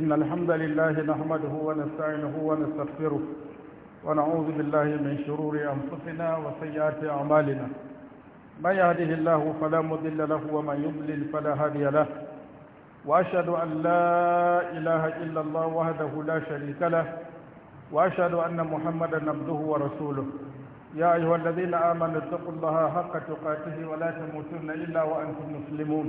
إن الحمد لله نحمده ونستعينه ونستغفره ونعوذ بالله من شرور أنفسنا وسيئات أعمالنا من يهده الله فلا مضل له ومن يضلل فلا هادي له وأشهد أن لا إله إلا الله وحده لا شريك له وأشهد أن محمدا عبده ورسوله يا أيها الذين آمنوا اتقوا الله حق تقاته ولا تموتن إلا وأنتم مسلمون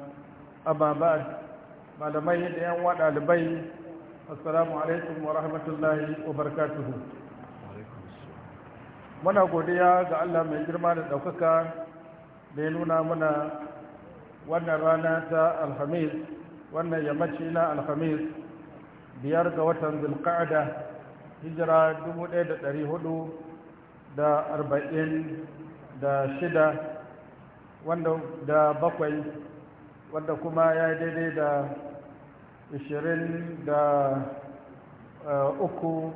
ababad malamai da yan wa ɗalibai assalamu alaikum wa rahmatullahi wa barakatuhu muna godiya ga allah mai girma da ɗaukaka da ya nuna muna wannan rana ta alhamis wannan yammaci na alhamis biyar ga watan zulqa'ada hijira da 1446 wanda da bakwai wanda kuma ya yi daidai da 23 eh,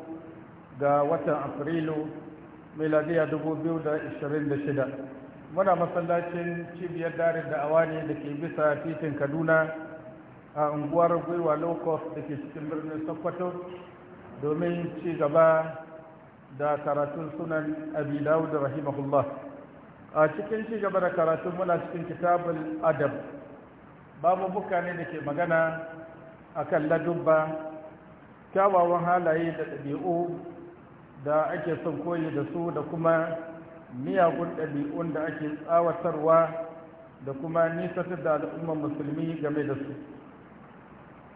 ga watan afrilu miladiya 2026 muna masallacin cibiyar darin da awani da ke bisa titin kaduna a unguwar gwiwa lokos da ke cikin birnin sokoto domin ci gaba da karatun sunan abidawu da rahimahullah a cikin ci gaba da karatun muna cikin kitabul adab babubuka ne da ke magana a kan ladubba kyawawan halaye da ɗabi'u da ake son koyi da su da kuma miyagun ɗabi'un da ake tsawatarwa da kuma nisatar da al'ummar musulmi game da su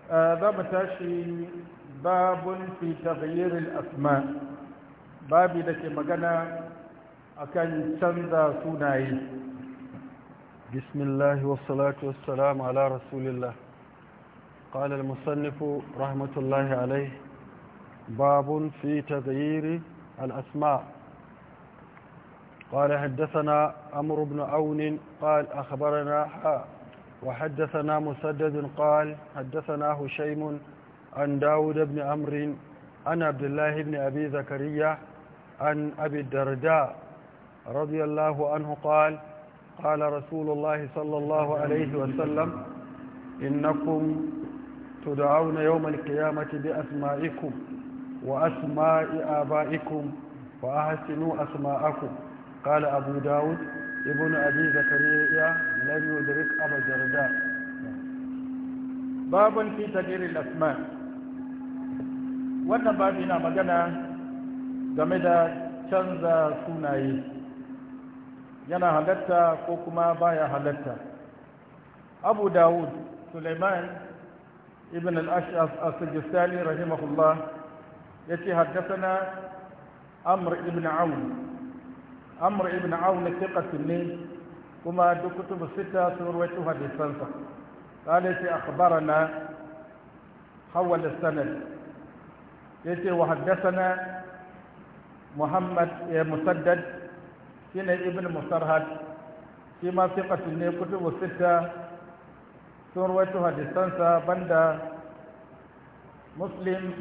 za mu tashi babun fi taghyirin asma babi da ke magana a kan canza sunaye بسم الله والصلاة والسلام على رسول الله قال المصنف رحمة الله عليه باب في تغيير الأسماء قال حدثنا أمر بن عون قال أخبرنا حاء وحدثنا مسدد قال حدثنا هشيم عن داود بن أمر عن عبد الله بن أبي زكريا عن أبي الدرداء رضي الله عنه قال قال رسول الله صلى الله عليه وسلم إنكم تدعون يوم القيامة بأسمائكم وأسماء آبائكم وأحسنوا أسماءكم قال أبو داود ابن أبي زكريا لم يدرك أبا جرداء باب في تغيير الأسماء وانا بابنا نعم na جمد تنزى سنائي yana halatta ko kuma baya halatta abu dawud suleiman ibn al-ash'af as-sijistani rahimahullah yace haddathana amr ibn aun amr ibn aun thiqatun ne kuma duk kutubu sita sun rawaito hadisansa qala yace akhbarana hawal sanad ce wa haddathana muhammad eh, musaddad shi ne ibn musarhat shi ma fiƙatun ne kutubu sitta, sun rawaito hadisansa banda muslim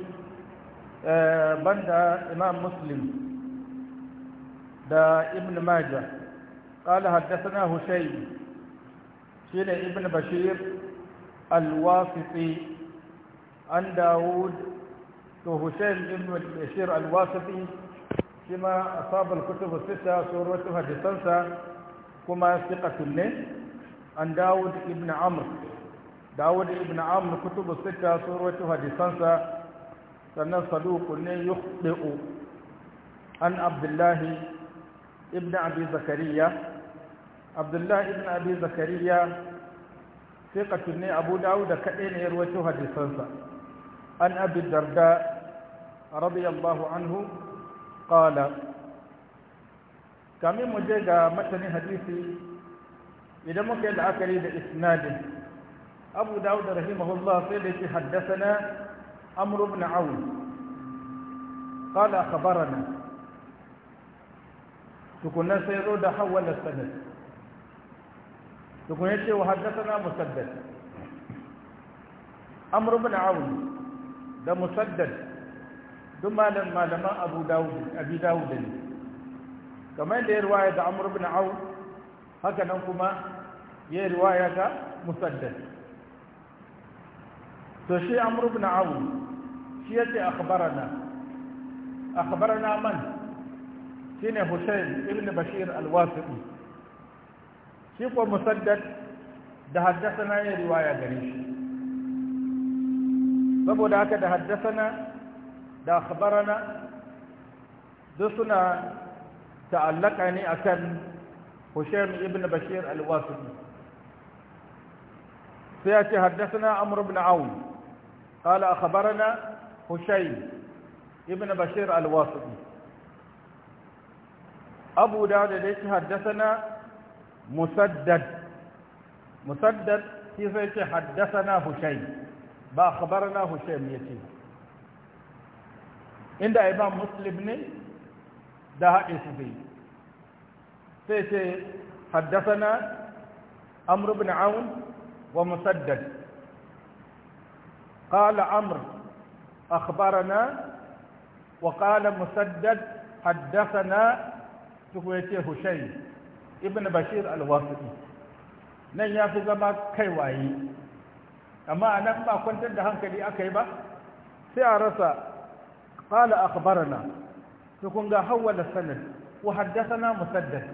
eh, banda imam muslim da ibn majah قال حدثنا هشيم Bashir ابن بشير الواسطي عن داود وهشيم ابن بشير الواسطي shi ma asabul kutubu sita sun rawaito hadisansa kuma siqatun ne an dawud ibn amr dawud ibn amr kutubu sita sun rawaito hadisansa sannan saduqun ne yukhdi'u an abdullahi ibn abi zakariya abdullahi ibn abi zakariya siqatun ne abu dawud kaɗai na ya rawaito hadisansa an abi darda anhu qala kami mu je ga matanin hadisi idan muka yi la'akari da isnadin abu dawud rahimahullah sai da yake haddasana amr ibn aun qala akhbarana tukunna sai zo da hawala sanad tukunna ce wa haddasana musaddad amr ibn aun da musaddad duk malam malaman abu dawud abi dawud ne kamar da ya riwaya da amr ibn aw haka nan kuma ya riwaya ta musaddad to shi amr ibn aw shi ce akhbarana akhbarana man shine husayn ibn bashir al-wasiqi shi ko musaddad da haddasa na ya riwaya gare shi saboda haka da haddasa na da akhbarana da suna ta'allaka ne akan Hushaym ibn Bashir al-Wasiti sai ya ce haddathana Amr ibn Aun qala akhbarana Hushaym ibn Bashir al-Wasiti Abu Dawud da yake haddathana Musaddad Musaddad sai ya ce haddathana Hushaym ba yace inda imam muslim ne da haɗe su zai sai ce na amr ibn aun wa musaddad qala amr na wa qala musaddad haddasana tuku yace hushai. ibn bashir al nan ya fi zama kai waye amma nan ba kwantar da hankali aka yi ba sai a rasa قال أخبرنا فكون قا حول السند وحدثنا مسدد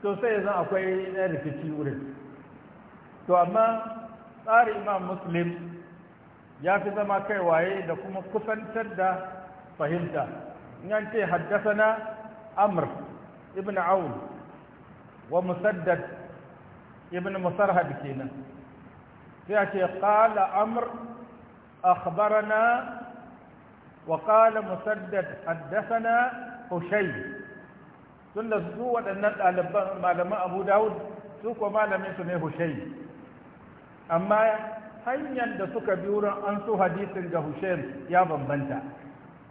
to sai zan akwai na rikici wurin to amma tsari imam muslim ya fi zama kai waye da kuma kusantar da fahimta in an ce haddasana amr ibn aun wa musaddad ibn musarhad kenan sai a ce qala amr akhbarana وقال مسدد حدثنا حشي tunda su waɗannan ɗaliban malaman abu dawud su ko malamin su ne Hushai. amma hanyar da suka bi wurin an so hadisin ga Hushai ya bambanta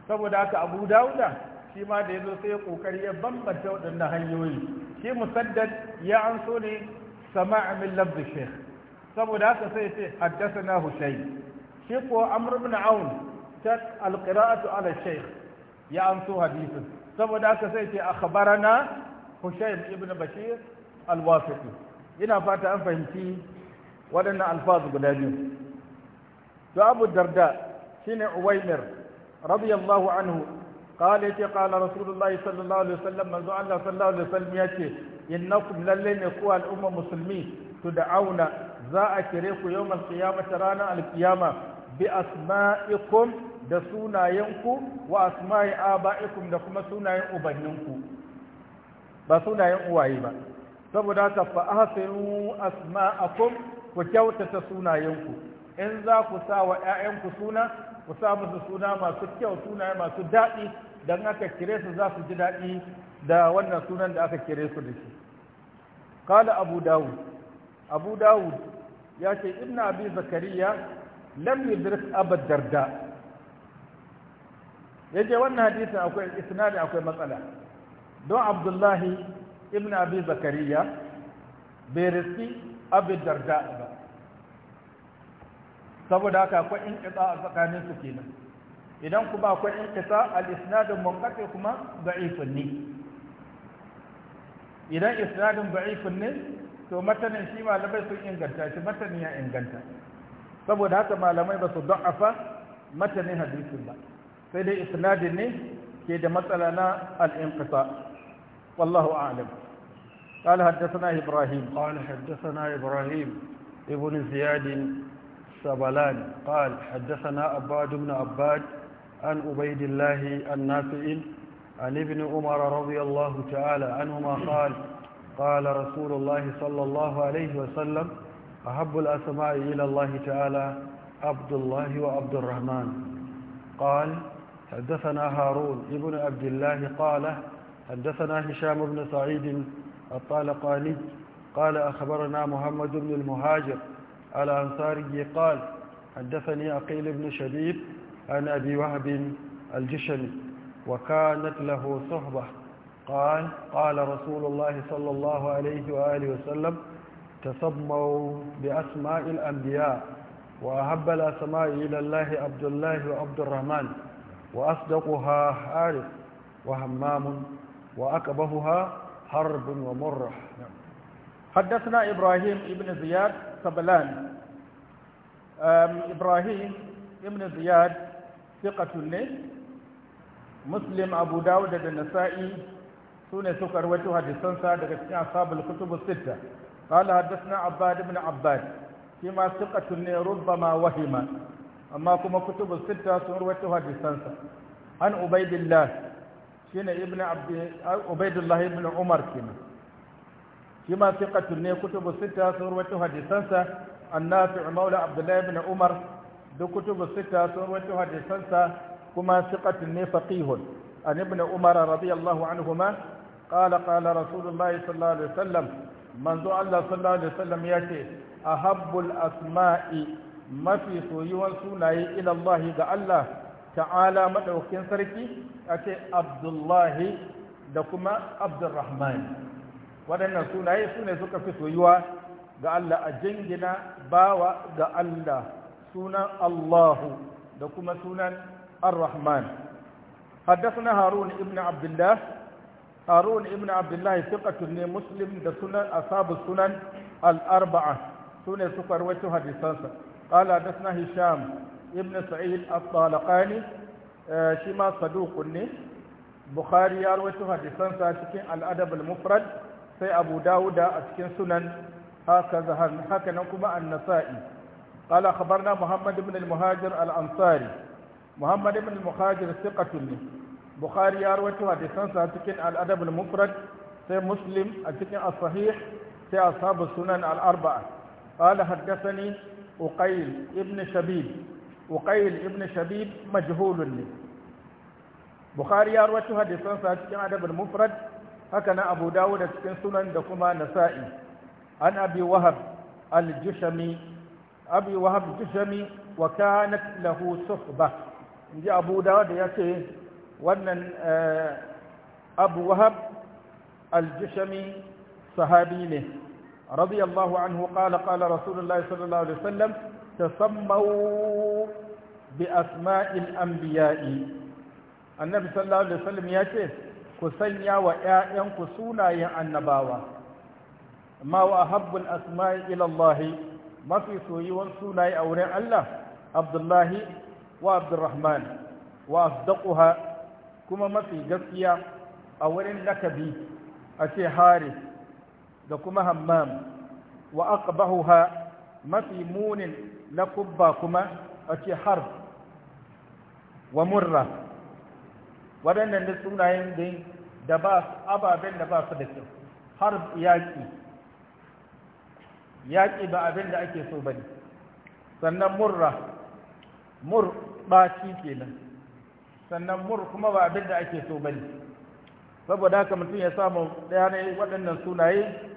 saboda haka abu dawuda shi ma da ya zo sai ya kokari ya bambanta waɗannan hanyoyi shi musaddad ya an so ne sama'a min labdi sheikh saboda haka sai ce haddasa na Hushai. shi ko amr ibn aun shak alqira'atu ala shaykh ya amso hadisin saboda haka sai ce akhbarana Hushaym ibn Bashir al ina fata an fahimci waɗannan alfazu guda biyu to Abu Darda shine Uwaymir radiyallahu anhu قال يتي قال رسول الله صلى الله عليه وسلم منذ الله صلى الله عليه وسلم يتي إنكم للين يقوى الأمة مسلمين تدعون ذا أكريك يوم القيامة رانا القيامة بأسمائكم da sunayenku wa asma'i aba'ikum da kuma sunayen ubanninku ba sunayen uwaye ba saboda haka fa ahsinu asma'akum ku kyautata sunayenku in za ku sa wa ƴaƴanku suna ku sa musu suna masu kyau sunaye masu daɗi dan aka kire su za su ji daɗi da wannan sunan da aka kire su da shi qala abu dawud abu dawud ya ce ibnu abi zakariya lam yudrik abad darda yace wannan hadisin akwai isnadin akwai matsala don abdullahi ibn abi zakariya bai riski abu darda ba saboda haka akwai inqita a tsakanin su kenan idan kuma akwai inqita al-isnadun munqati kuma da'ifun ne idan isnadun da'ifun ne to matanin shi malamai sun inganta shi matanin ya inganta saboda haka malamai ba su da'afa matanin hadisin ba sai dai isnadin ne ke da matsala na al-inqita wallahu a'lam قال حدثنا إبراهيم قال حدثنا إبراهيم ابن زياد السبلاني قال حدثنا عباد بن عباد عن عبيد الله النافع عن ابن عمر رضي الله تعالى عنهما قال قال رسول الله صلى الله عليه وسلم أحب الأسماء إلى الله تعالى عبد الله وعبد الرحمن قال حدثنا هارون ابن عبد الله قال حدثنا هشام بن سعيد الطالقاني قال أخبرنا محمد بن المهاجر الأنصاري قال حدثني عقيل بن شبيب عن أبي وهب الجشني وكانت له صحبة قال قال رسول الله صلى الله عليه وآله وسلم تسموا بأسماء الأنبياء وأحب الأسماء إلى الله عبد الله وعبد الرحمن وأصدقها حارث وهمام وأكبهها حرب ومرح حدثنا إبراهيم ابن زياد سبلان إبراهيم ابن زياد ثقة لي مسلم أبو داود النسائي سنة سكر وتوها دسنسا دقتنا أصحاب الكتب الستة قال حدثنا عباد بن عباد فيما ثقة لي ربما وهما amma kuma kutubu sita sun rawaito hadisansa an ubaidillah shine ibnu Abdi ubaidillah ibn umar kina shi ma ne kutubu sita sun rawaito hadisansa annafi maula abdullah ibn umar duk kutubu sita sun rawaito hadisansa kuma thiqatun ne faqihun an ibn umar radiyallahu anhuma قال قال رسول الله صلى الله عليه Allah, sallallahu alaihi صلى الله عليه وسلم يأتي أحب الأسماء mafi soyuwan sunaye ilallahi ga Allah ta'ala madaukin sarki ake abdullahi da kuma abdurrahman waɗannan sunaye su ne suka fi soyuwa ga Allah a jingina bawa ga Allah sunan Allahu da kuma sunan arrahman حدثنا هارون ابن عبد الله هارون ابن عبد الله ثقة لمسلم sunan سنن أصحاب السنن الأربعة سنة سكر وجه حديثانسا قال حدثنا هشام ابن سعيد الطالقاني shi ma saduqun ne bukhari ya rawaito hadisansa cikin al-adab sai abu dawuda a cikin sunan haka kuma annasa'i. nasai qala khabarna muhammad ibn al-muhajir al-ansari muhammad ibn al-muhajir thiqatun ne bukhari ya rawaito hadisansa cikin mufrad sai muslim a cikin as-sahih sai sunan al-arba'a qala uqayl ibn shabib uqayl ibn shabib ne bukhari ya rawaito sa cikin adabul mufrad haka na abu dawud cikin sunan da kuma nasa'i an abi wahab al-jushami abi wahab jushami wa kanat lahu suhba inji abu dawud ya ce wannan abu wahab al-jushami sahabi ne رضي الله عنه قال قال رسول الله صلى الله عليه وسلم تسموا باسماء الانبياء النبي صلى الله عليه وسلم yace ku sanya wa ƴaƴanku sunayen annabawa ma wa habbul asma'i ila Allah ma soyuwar sunaye a wurin Allah Abdullah wa Abdurrahman wa asdaquha kuma mafi gaskiya a wurin lakabi a ce Haris da kuma hammam wa aqbahuha mafi munin kubba kuma a ce har wa murra waɗannan da sunayen da da ba ababen da ba su da kyau har yaƙi yaƙi ba abin da ake so ba ne sannan murra mur ba ke kenan sannan mur kuma ba abin da ake so ba ne saboda haka mutum ya samu ɗaya ne waɗannan sunaye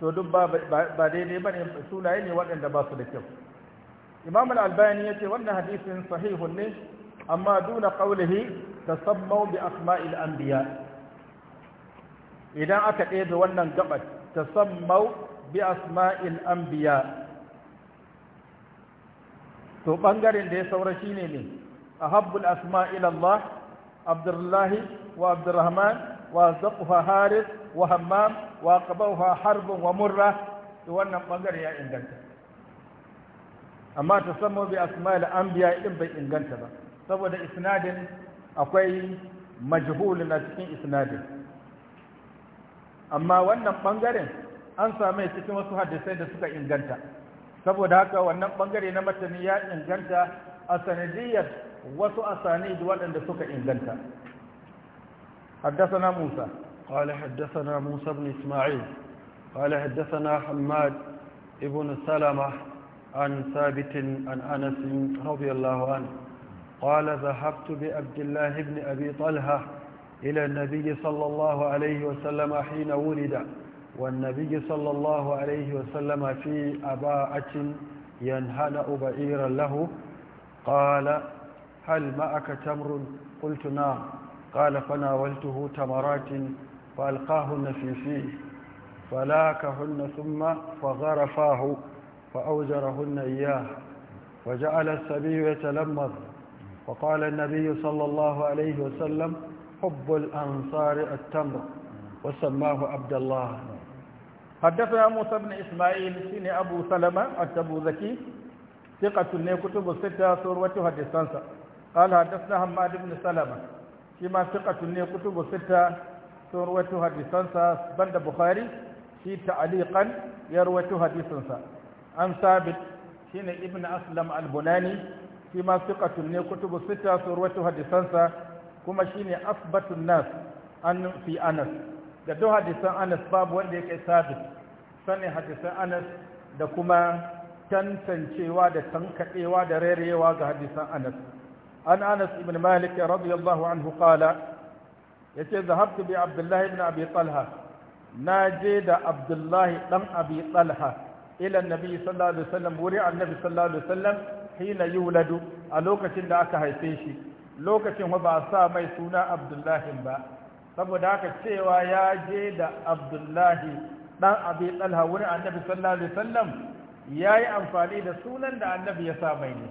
to duk ba daidai ba ne sunaye ne waɗanda ba su da kyau imam al-albani ya ce wannan hadisin sahihun ne amma duna qawlihi tasammau bi asma'il anbiya idan aka ɗebe wannan gabar tasammau bi asma'il anbiya to bangaren da ya saura shine ne ahabbul asma'il Allah Abdullahi wa Abdurrahman wa Zaqfa Haris wa hammam wa qabawha harb wa murra to wannan bangare ya inganta amma ta samu bi asma'il anbiya din bai inganta ba saboda isnadin akwai majhul na cikin isnadin amma wannan bangaren an same cikin wasu hadisai da suka inganta saboda haka wannan bangare na matani ya inganta a sanadiyar wasu asanid waɗanda suka inganta حدثنا موسى قال حدثنا موسى بن إسماعيل قال حدثنا حماد ابن سلمة عن ثابت عن أنس رضي الله عنه قال ذهبت بعبد الله بن أبي طلحة إلى النبي صلى الله عليه وسلم حين ولد والنبي صلى الله عليه وسلم في أباءة ينهنأ بعيرا له قال هل معك تمر قلت نعم قال فناولته تمرات فألقاهن في فيه فلاكهن ثم فغرفاه فأوجرهن إياه وجعل السبي يتلمذ وقال النبي صلى الله عليه وسلم حب الأنصار التمر وسماه عبد الله حدثنا موسى بن إسماعيل سين أبو سلمة أبو ذكي ثقة كتب الستة ثروتها الدستانسة قال حدثنا حماد بن سلمة فيما ثقة كتب الستة sun rawaito hadisansa banda bukhari shi ta'aliqan ya rawaito hadisansa an sabit shine ibn aslam al-bunani shi ma thiqatun ne kutubu sita sun rawaito hadisansa kuma shine asbatun nas an fi anas da duk hadisan anas babu wanda yake sabit sanin hadisan anas da kuma tantancewa da tankadewa da rerewa ga hadisan anas an anas ibn malik radiyallahu anhu qala yace zahabtu bi abdullahi ibn abi talha na je da abdullahi dan abi talha ila annabi sallallahu alaihi wasallam wuri annabi sallallahu alaihi wasallam hina yuladu a lokacin da aka haife shi lokacin ba sa mai suna abdullahi ba saboda haka cewa ya je da abdullahi dan abi talha wuri annabi sallallahu alaihi wasallam yayi amfani da sunan da annabi ya sa mai ne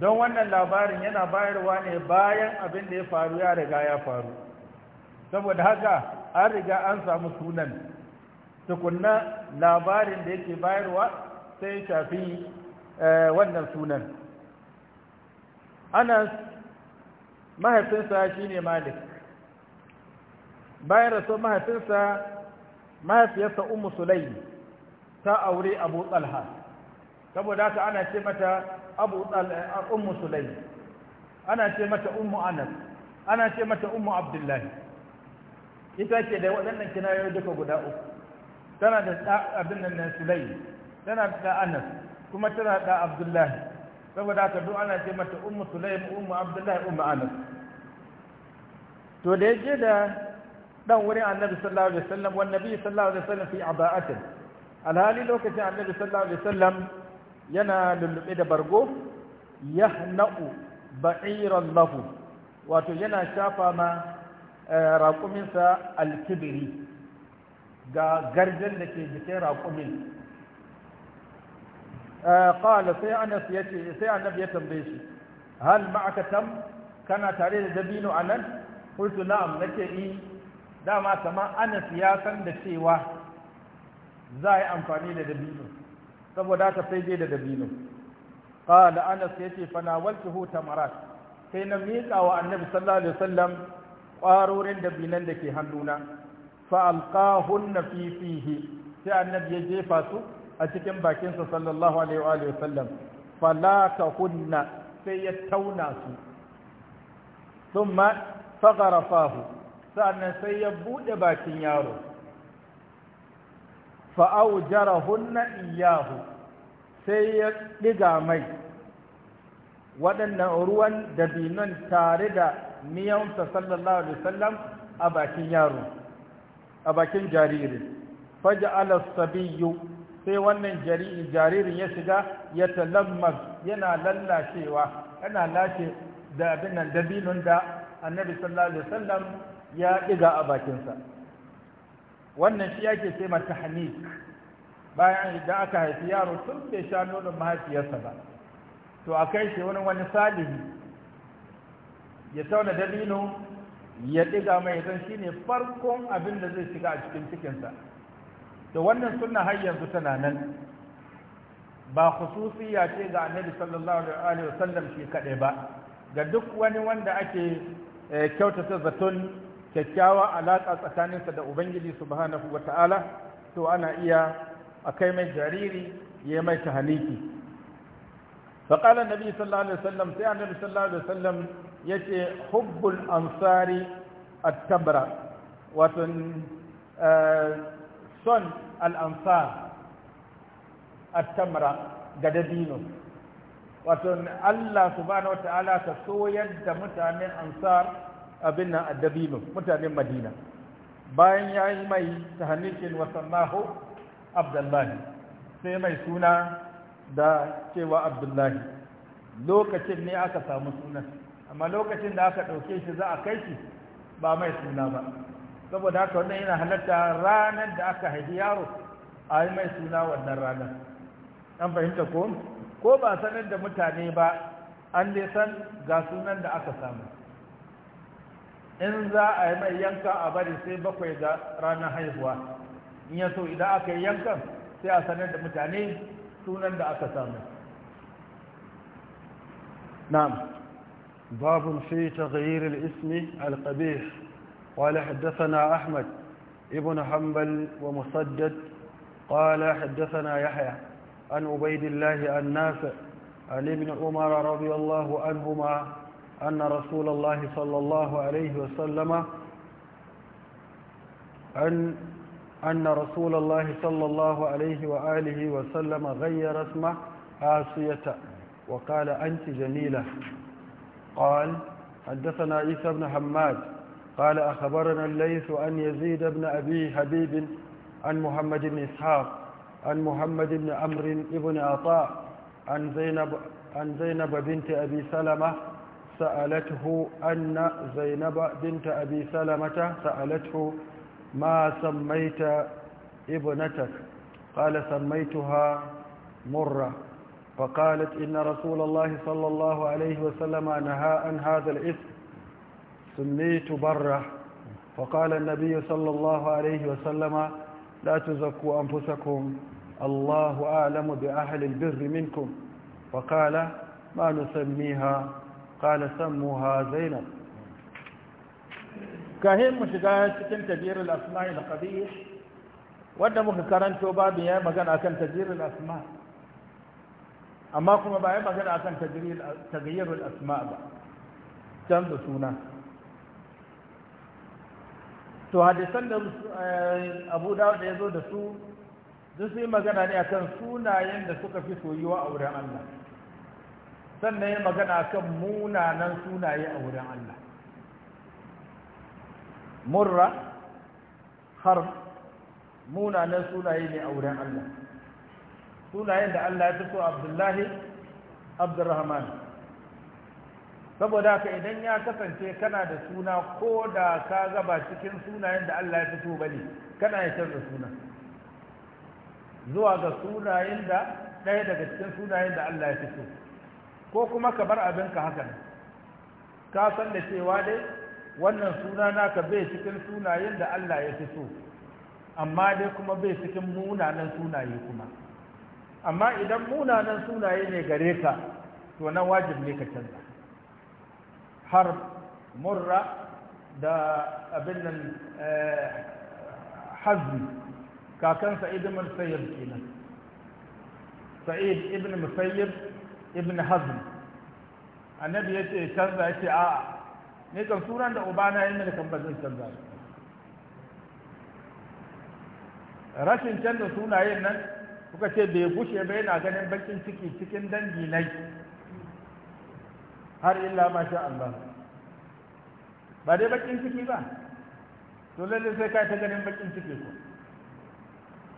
don wannan labarin yana bayarwa ne bayan abin da ya faru ya riga ya faru saboda haka an riga an samu sunan tukunna labarin da yake bayarwa sai ya shafi eh, wannan sunan ana mahaifinsa shine malik bayan rasu mahaifinsa mahaifiyarsa Umu Sulai ta aure abu tsalha saboda haka ana ce mata abu ummu sulaim ana ce mata ummu anas ana ce mata ummu abdullahi ita ce da waɗannan kinayoyi duka guda uku tana da abin nan sulaim tana da anas kuma tana da abdullahi saboda haka duk ana ce mata ummu sulaim ummu abdullahi ummu anas to da yaje da dan wurin annabi sallallahu alaihi wasallam wan nabi sallallahu alaihi wasallam fi aba'atin alhali lokacin annabi sallallahu alaihi wasallam yana lullube da bargo yahna'u ba'iran lahu wato yana shafa ma eh, raƙuminsa alkibiri ga garjen da ke jikin raƙumin eh, qala sai anas ce sai annabi ya tambaye shi hal ma'aka tam kana tare da dabino anan qultu na'am nake yi dama kama anas ya san da cewa za a yi amfani da dabino saboda haka sai dai da dabino qala anas yace fa nawaltuhu tamarat sai na miƙa wa annabi sallallahu alaihi wasallam ƙwarorin dabinan da ke hannuna fa alqahunna fi fihi sai annabi ya jefa su a cikin bakinsa sallallahu alaihi wa alihi wasallam falaka hunna sai ya tauna su thumma fagharafahu sannan sai ya bude bakin yaro fa'aujarahunna iyahu sai ya ɗiga mai waɗannan ruwan dabinon tare da miyansa sallallahu alaihi wasallam a bakin yaro a bakin jariri faj'ala sabiyyu sai wannan jaririn ya shiga ya talammaz yana lallashewa yana lashe da abin nan dabinon da annabi sallallahu alaihi wasallam ya ɗiga a bakinsa wannan shi yake ce mata hanik bayan idan aka haifi yaro tun bai sha nonon mahaifiyarsa ba to a kai shi wani wani salihi ya tauna dabino ya ɗiga mai zan shi ne farkon abin da zai shiga a cikin cikinsa to wannan suna har yanzu tana nan ba khususiya ce ga annabi sallallahu alaihi wasallam shi kaɗai ba ga duk wani wanda ake eh, kyautata zaton kyakkyawa alaƙa tsakaninsa da ubangiji subhanahu wa ta'ala to ana iya a kai mai jariri ya yi mai ta tahaliki faƙalar nabi sallallahu alaihi wasallam sai annabi sallallahu alaihi wasallam ya ce hubbul ansari a tabra wato eh, son al'ansar a tabra, ga dabino wato Allah subhanahu wa ta'ala ka soyar da mutanen ansar abin nan addabinu mutanen madina bayan ya yi mai tahanikin wasannahu abdullahi sai mai suna da cewa abdullahi lokacin ne aka samu sunan amma lokacin da aka ɗauke shi za a kai shi ba mai suna ba saboda haka wannan yana halatta ranar da aka haifi yaro a yi mai suna wannan ranar an fahimta ko ko ba sanar da mutane ba an san ga sunan da aka samu in za a yi mai yankan a bari sai bakwai da ranar haihuwa in ya so idan aka yi yankan sai a sanar da mutane sunan da aka samu na'am babu fi باب في ismi الاسم القبيح قال حدثنا أحمد ابن حنبل ومسدد قال حدثنا يحيى عن عبيد الله عن نافع عن ابن عمر رضي الله عنهما أن رسول الله صلى الله عليه وسلم أن أن رسول الله صلى الله عليه وآله وسلم غير اسمه آسية وقال أنت جميلة قال حدثنا عيسى بن حماد قال أخبرنا الليث أن يزيد بن أبي حبيب عن محمد بن إسحاق عن محمد بن عمرو بن عطاء عن زينب, عن زينب بنت أبي سلمة سألته أن زينب بنت أبي سلمة سألته ما سميت ابنتك قال سميتها مرة فقالت إن رسول الله صلى الله عليه وسلم نهى عن هذا الاسم سميت برة فقال النبي صلى الله عليه وسلم لا تزكوا أنفسكم الله أعلم بأهل البر منكم فقال ما نسميها قال سموها زينب kahin mu shiga cikin tajirul asma'i da qabih wanda muka karanto babu ya magana akan tajirul asma amma kuma ba ya magana akan tajirul tagayyurul asma ba canza suna to hadisan da Abu Dawud ya zo da su duk sai magana ne akan sunayen da suka fi soyuwa a wurin Allah sannan ya magana kan munanan sunaye a wurin Allah murra har munanan sunaye ne a wurin Allah sunayen da Allah ya taso abdullahi abdurrahman saboda ka idan ya kasance kana da suna ko da ka gaba cikin sunayen da Allah ya fito bane kana ya canza suna zuwa ga sunayen da ɗaya daga cikin sunayen da Allah ya fito ko kuma ka bar abinka haka ne ka san da cewa dai wannan suna naka bai cikin sunayen da Allah ya fi so amma dai kuma bai cikin munanan sunaye kuma amma idan munanan sunaye ne gare ka to na wajib ne ka canza har murra da abin nan eh, hazmi kakansa idimar sayyar kenan sa'id ibn musayyib ibn hazm annabi ya ce canza ya ce a'a ne kan sunan da ubana ya mini kan bazin zai canza rashin canza sunayen nan kuka ce bai gushe ba yana ganin bakin ciki cikin dangi nai har illa ma sha Allah ba dai bakin ciki ba to lalle sai ka ta ganin bakin ciki ko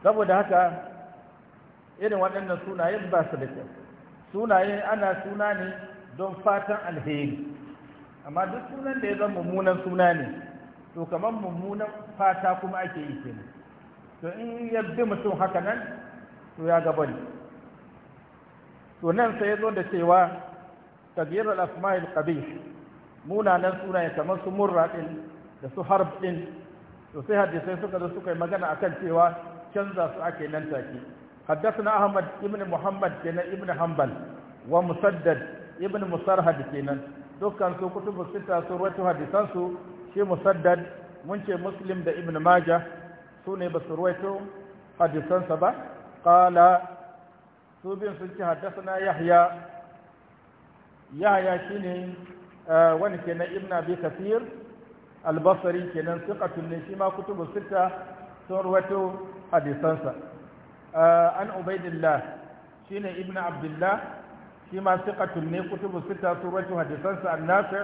saboda haka irin waɗannan sunayen ba su da kyau sunaye ana suna ne don fatan alheri amma duk sunan da ya zama mummunan suna ne to kamar mummunan fata kuma ake yi kenan to in ya bi mutum haka nan to ya gaba ne to nan sai ya zo da cewa tabiyar al-asma'il qabih munanan sunaye kamar su murra din da su harb din to sai hadisai suka zo suka yi magana akan cewa canza su ake nan take حدثنا أحمد ابن محمد كنا ابن حنبل ومسدد ابن مسرهد كنا dukkan su kutubu sita su rawaito hadisan shi musaddad mun ce muslim da ibn majah su ne ba su rawaito hadisan ba qala su bin sun ce haddathana yahya yahya shine wani kenan ibn abi al-basri kenan thiqatun ne shi ma kutubu sun rawaito an ubaidillah shine ibn abdullah shi ma siqatun ne kutubu sita suratu hadisan sa annafi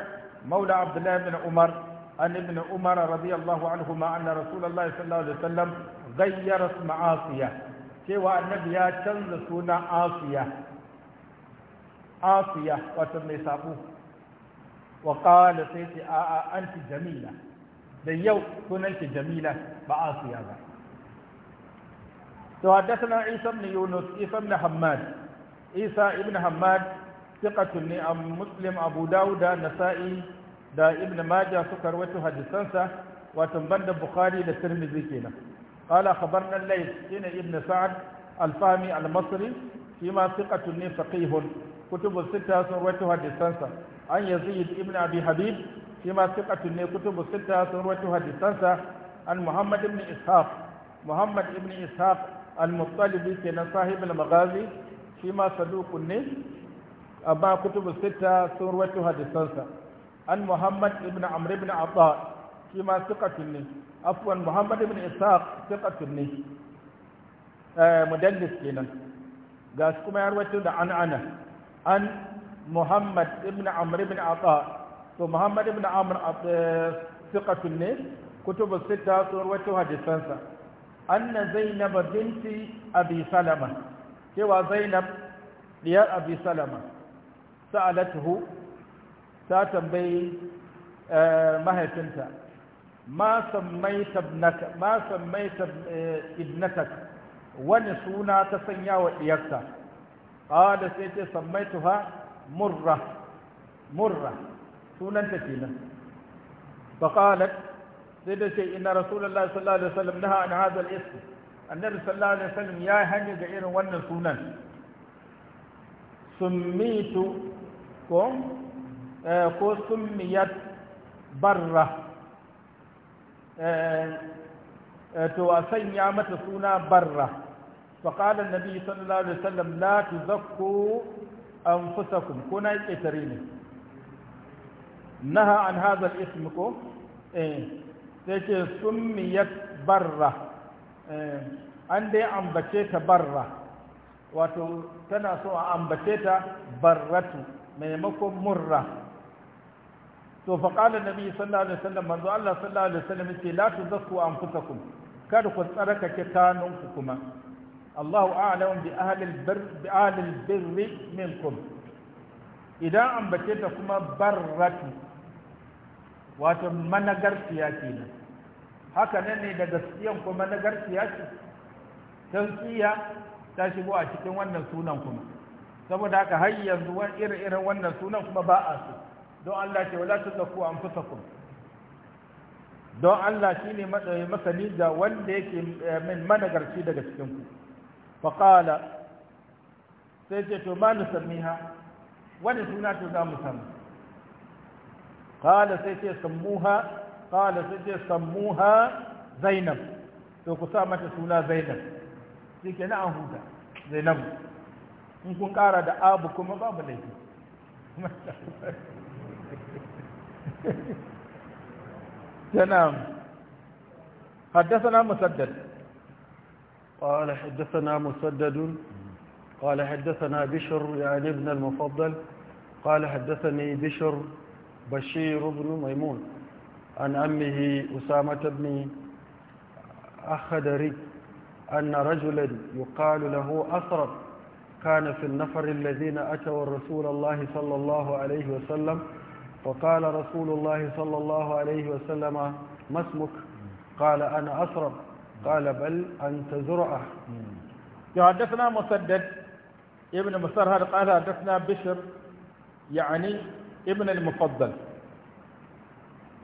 maula abdullah ibn umar an ibn umar radiyallahu anhu ma anna rasulullahi sallallahu alaihi wasallam ghayyara isma asiya cewa annabi ya canza suna asiya asiya wato mai sabu wa qala sai ce a'a anti jamila da yau sunanki jamila ba asiya ba حدثنا عيسى بن يونس عيسى بن حماد عيسى بن حماد ثقة عن مسلم أبو داود النسائي دا ابن ماجه سكر وتو حديثنسا وتنبند البخاري للترمذي كنا قال خبرنا الليل إن ابن سعد الفهمي المصري فيما ثقة فقيه كتب الستة سروته حديثنسا عن يزيد ابن أبي حبيب فيما ثقة كتب الستة سروته حديثنسا عن محمد بن إسحاق محمد بن إسحاق al-muttalibi kenan sahibul maghazi shi ma saduqun ne amma kutubu sita sun rawaito hadisansa an muhammad ibn amr ibn atta shi ma thiqatun ne afwan muhammad ibn ishaq thiqatun ne mudallis kenan ga su kuma ya rawaito da an ana an muhammad ibn amr ibn atta to muhammad ibn amr thiqatun ne kutubu sita sun rawaito hadisansa anna zainab binti abi salama cewa zainab diyar abi salama sa'alatuhu ta tambayi mahaifinta ma sammaita ibnaka ma wani suna ta sanya wa diyarta qala sai ta sammaituha murra murra sunanta kenan فقالت sai da ce ina rasulullahi sallallahu alaihi wasallam naha an hadha al-ism annabi sallallahu alaihi wasallam ya hanya ga irin wannan sunan summitu ko eh, ko summiyat barra eh, eh, to a sanya mata suna barra فقال النبي صلى الله عليه وسلم لا تزكوا أنفسكم كنا يترين نهى عن هذا الاسم كو إيه sai ce summiyat barra eh, an dai ambace ta barra wato tana so a ambace ta barratu maimakon murra to fa qala nabi sallallahu alaihi wasallam manzo Allah sallallahu alaihi wasallam ce la tuzakku anfusakum kada ku tsarkake kanunku kuma Allahu a'lamu bi ahli al bi ahli al-birr minkum idan ambace ta kuma barratu wato managarciya kenan haka nan ne da gaskiyan kuma na garciya ce tausiya ta shigo a cikin wannan sunan kuma saboda haka har yanzu irin wannan sunan kuma ba a so don Allah ce wala tuzakku ku don Allah shi matsayi masani ga wanda yake eh, min managarci daga cikin ku fa qala sai ce to ma ha. wani suna to za mu sami. qala sai ce sammuha قال سيدي سموها زينب تو قسامة سولا زينب سيكي نعم هودا زينب نكون قارا دا آبو كما باب ليكي جنام حدثنا مسدد قال حدثنا مسدد قال حدثنا بشر يعني ابن المفضل قال حدثني بشر بشير بن ميمون عن أمه أسامة بن أخدري أن رجلا يقال له أسرب كان في النفر الذين أتوا رسول الله صلى الله عليه وسلم فقال رسول الله صلى الله عليه وسلم ما اسمك قال أنا أسرب قال بل أنت زرعة يحدثنا مسدد ابن مسرهد قال حدثنا بشر يعني ابن المفضل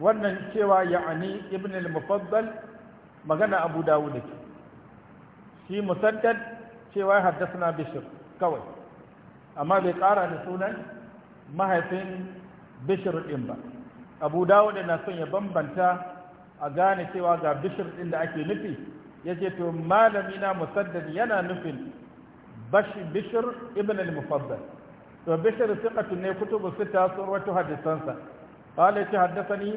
wannan cewa ya'ani ibn al-mufaddal magana abu dawud ke shi musaddad cewa haddathana bishr kawai amma bai ƙara da sunan mahaifin bishr din ba abu dawud na son ya bambanta a gane cewa ga bishr din da ake nufi yace to malami na musaddad yana nufin bashi bishr ibn al-mufaddal to bishr thiqatu ne kutubu sita sun rawaito قال حدثني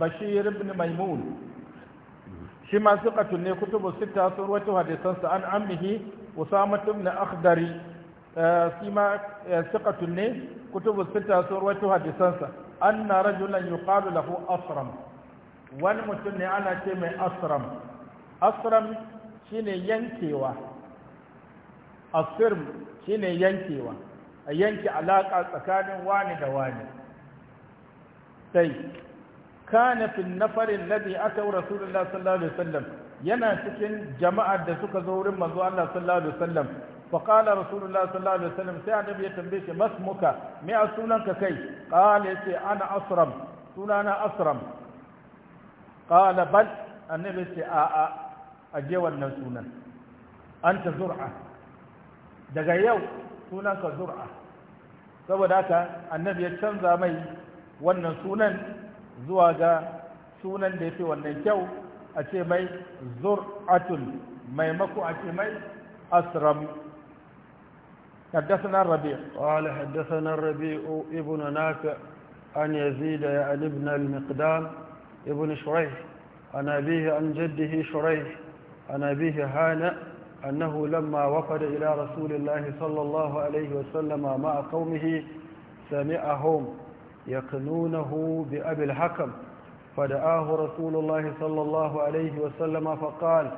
بشير بن ميمون شما ثقة ne kutubu sita sun rawaito hadisansa an ammihi Usama ibn Akhdari ثقة ne kutubu sita sun rawaito hadisansa anna rajulan yuqalu lahu asram wani mutum ne ana ce mai asram asram shine yankewa asirm shine yankewa a yanke alaƙa tsakanin wani da wani sai kana fil nafarin ladhi atau rasulullahi sallallahu alaihi wasallam yana cikin jama'ar da suka zo wurin manzo Allah sallallahu alaihi wasallam fa qala rasulullahi sallallahu alaihi wasallam sai annabi ya tambaye shi masmuka me sunanka kai qala yace ana asram sunana asram qala bal annabi yace a a aje wannan sunan anta zur'a daga yau sunanka zur'a saboda haka annabi ya canza mai wannan sunan zuwa ga sunan da ya fi wannan kyau a ce mai zur'atun maimako a ce mai asram حدثنا الربيع قال حدثنا الربيع ابن نافع عن يزيد عن ابن المقدام ابن شريح عن أبيه عن جده شريح عن أبيه هانأ أنه لما وفد إلى رسول الله صلى الله عليه وسلم مع قومه سمعهم يقنونه بأبي الحكم فدعاه رسول الله صلى الله عليه وسلم فقال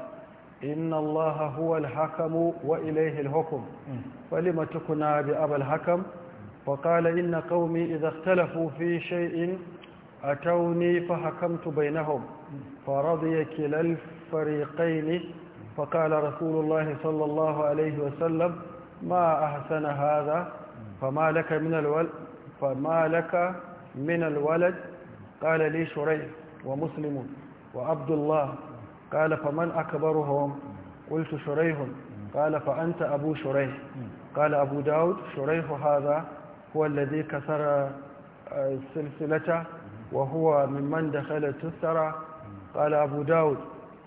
إن الله هو الحكم وإليه الحكم فلم تكنا بأبا الحكم وقال إن قومي إذا اختلفوا في شيء أتوني فحكمت بينهم فرضي كلا الفريقين فقال رسول الله صلى الله عليه وسلم ما أحسن هذا فما لك من, الول فما لك من الولد قال لي شريح ومسلم وعبد الله قال فمن أكبرهم قلت شريح قال فأنت أبو شريح قال أبو داود شريح هذا هو الذي كسر آه، سلسلته وهو ممن دخل تسرى قال أبو داود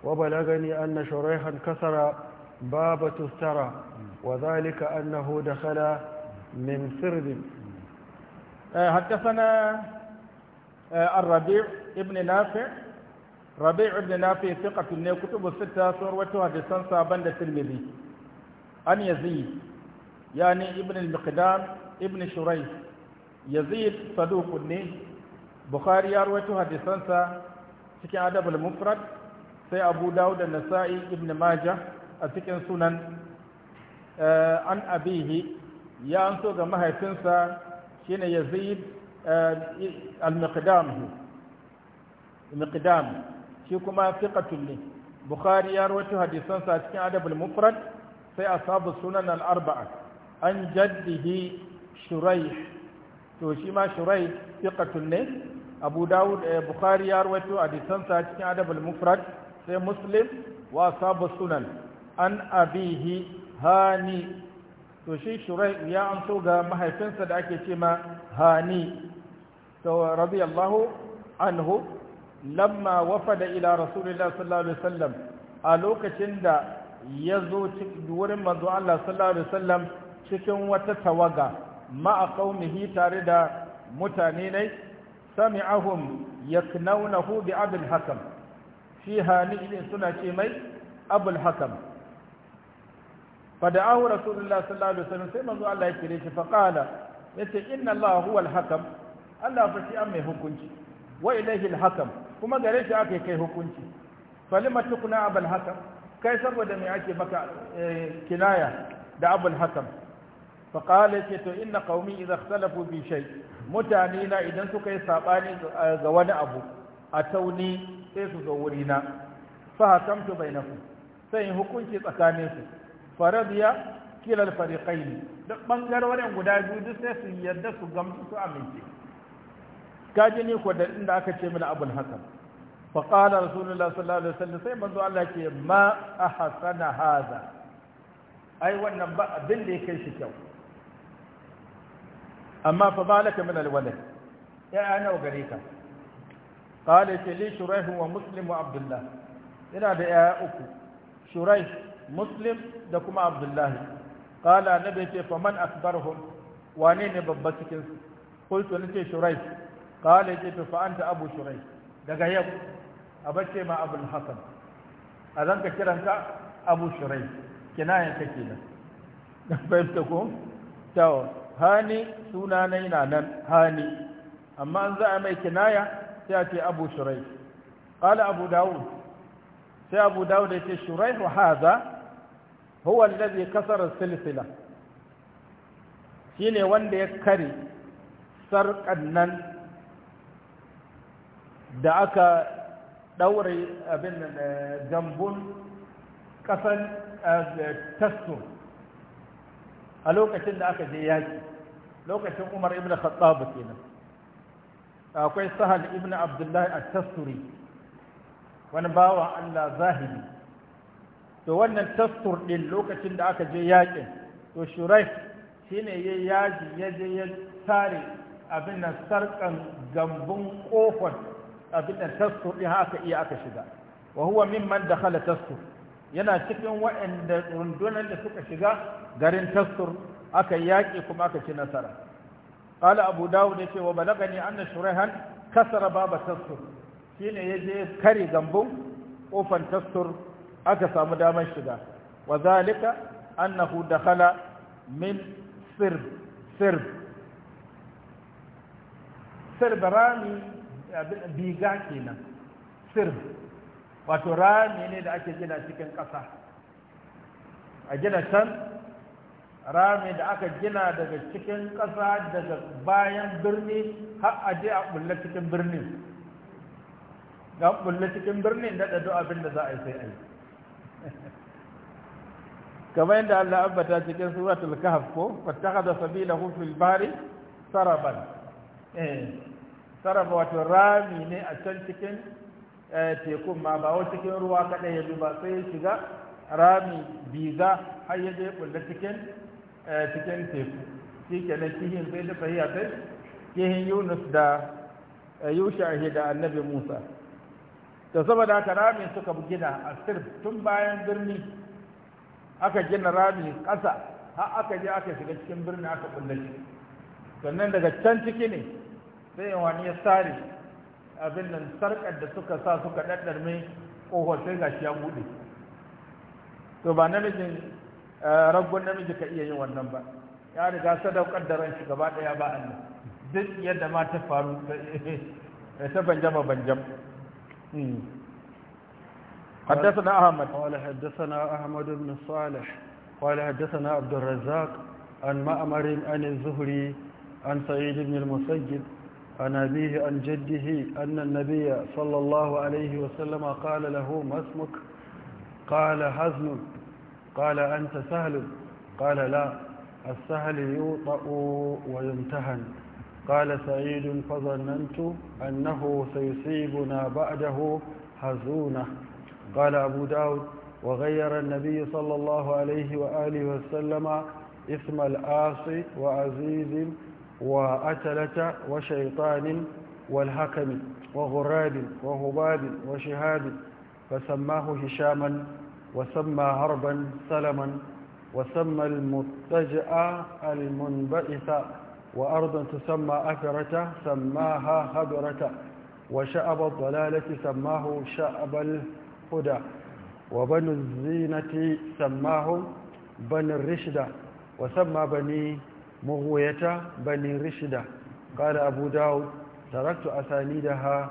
وبلغني أن شريحا كسر باب تسرى وذلك أنه دخل من سرد حدثنا الربيع ابن نافع ربيع ابن نافع ثقة من كتب الستة ثروة حديثا صابن الترمذي عن يزيد يعني ابن المقدام ابن شريح يزيد صدوق بخاري يروي حديثا cikin adabul mufrad sai abu dawud da nasa'i ibn majah a cikin sunan an abihi ya an so ga mahaifinsa shine yazid eh, al-miqdam miqdam shi kuma fiqatun ne bukhari ya rawaito hadisan sa cikin adabul mufrad sai ashabu sunan al-arba'a an jaddihi shuraih to shi ma shuraih fiqatun ne abu dawud eh, bukhari ya rawaito hadisan sa cikin adabul mufrad sai muslim wa ashabu sunan an abihi hani to shi shurai ya amso ga mahaifinsa da ake ce ma hani to radiyallahu anhu lamma wafada ila rasulillah sallallahu alaihi wasallam a lokacin da ya zo wurin manzo Allah sallallahu alaihi wasallam cikin wata tawaga ma'a qaumihi tare da mutane ne sami'ahum yaknawnahu bi abul hakam shi hani suna ce mai abul hakam fada'ahu rasulullahi sallallahu alaihi wasallam sai manzo Allah ya kire shi fa qala yace inna Allah huwa al-hakam Allah fa shi an mai hukunci wa ilayhi al kuma gare shi ake kai hukunci falima tukuna abul hakam kai saboda me ake maka kinaya da abul hakam fa qala yace to inna qaumi idha ikhtalafu bi shay mutane na idan suka yi saɓani ga wani abu a tauni sai su zo wurina fa hakamtu bainakum sai hukunci tsakaninsu faradiya fariƙai ne. duk ɓangarorin guda biyu duk sai su yarda su gamsu su amince kaji ni ko da inda aka ce mini abul hasan fa qala rasulullahi sallallahu alaihi wasallam sai manzo Allah ke ma ahsana hada ai wannan ba abin da ya kai shi kyau amma fa balaka min alwalad ya ana gare ka qala ce li shuraihu wa muslim wa abdullah ina da ya uku shuraihu muslim da kuma abdullahi na nabi ce faman akbarhum wane ne babba cikin su ne ce shuraih kala ce fa anta abu shurai. daga yau abace ma abul hasan zan ka kiranka abu shurai? kinayen kake nan da fahimta ko tawo hani suna na yana nan hani amma an za a mai kinaya sai a ce abu shurai ƙala abu dawud sai abu dawud ya ce shurai wa haza huwa allazi kasara silsila shine wanda ya kare sarƙar nan da aka ɗaure abin jambun ƙasan tasto a lokacin da aka je yaƙi lokacin umar ibn khattab kenan akwai sahal ibn abdullahi at-tasturi wani bawa Allah zahiri to wannan tastur din lokacin da aka je yakin to shuraif shine ya yaji ya je ya sare abin nan sarkan gambun kofar abin nan tastur din aka iya aka shiga wa huwa mimman dakhala tastur yana cikin waɗanda rundunar da suka shiga garin tastur aka yaƙi kuma aka ci nasara qala abu dawud yace wa balagani anna shuraihan kasara baba tastur shine yaje kare gambun ƙofan tastur aka samu damar shiga Wazalika. zalika annahu dakhala min sirb sirb sirb rami biga kenan sirb wato rami ne da ake gina cikin ƙasa a gina can rami da aka gina daga cikin ƙasa daga bayan birni har a je a bulle cikin birnin ga bulle cikin birnin da ɗado abin da za a yi sai a yi kamar yadda Allah ambata cikin suratul kahf ko fattakhadha sabilahu fil bahri saraban eh saraba wato rami ne a can cikin eh, tekun ma ba wa cikin ruwa kaɗai ya duba sai ya shiga rami biga har ya je kulle cikin eh, cikin teku shi kenan kihin bai da fahiya kihin Yunus da eh, Yusha da Annabi Musa da saboda haka rami suka gina a sirf tun bayan birni aka gina rami ƙasa har aka je aka shiga cikin birni aka kulle sannan daga can ciki ne sai wani ya sare abin nan sarƙar da suka sa suka ɗaɗɗarme ƙofar sai shi ya buɗe to ba namijin eh, ragon namiji ka iya yin wannan ba ya riga sadaukar da ran shi gaba ɗaya ba nan duk yadda ma ta faru eh, eh, ta banjama banjama حدثنا أحمد قال حدثنا أحمد بن صالح قال حدثنا عبد الرزاق عن مأمر عن الزهري عن سعيد بن المسيب عن أبيه عن جده أن النبي صلى الله عليه وسلم قال له ما اسمك قال حزن قال أنت سهل قال لا السهل يوطأ ويمتهن قال سعيد فظننت أنه سيصيبنا بعده حزونة قال أبو داود وغير النبي صلى الله عليه وآله وسلم اسم الآصي وعزيز وأتلة وشيطان والهكم وغراب وهباب وشهاب فسماه هشاما وسمى هربا سلما وسمى المتجأ المنبئث وأرضا تسمى أثرة سماها هبرة وشعب الضلالة سماه شعب الهدى وبنو الزينة سماهم بني الرشدة وسمى بني مغوية بني رشدة قال أبو داود تركت أسانيدها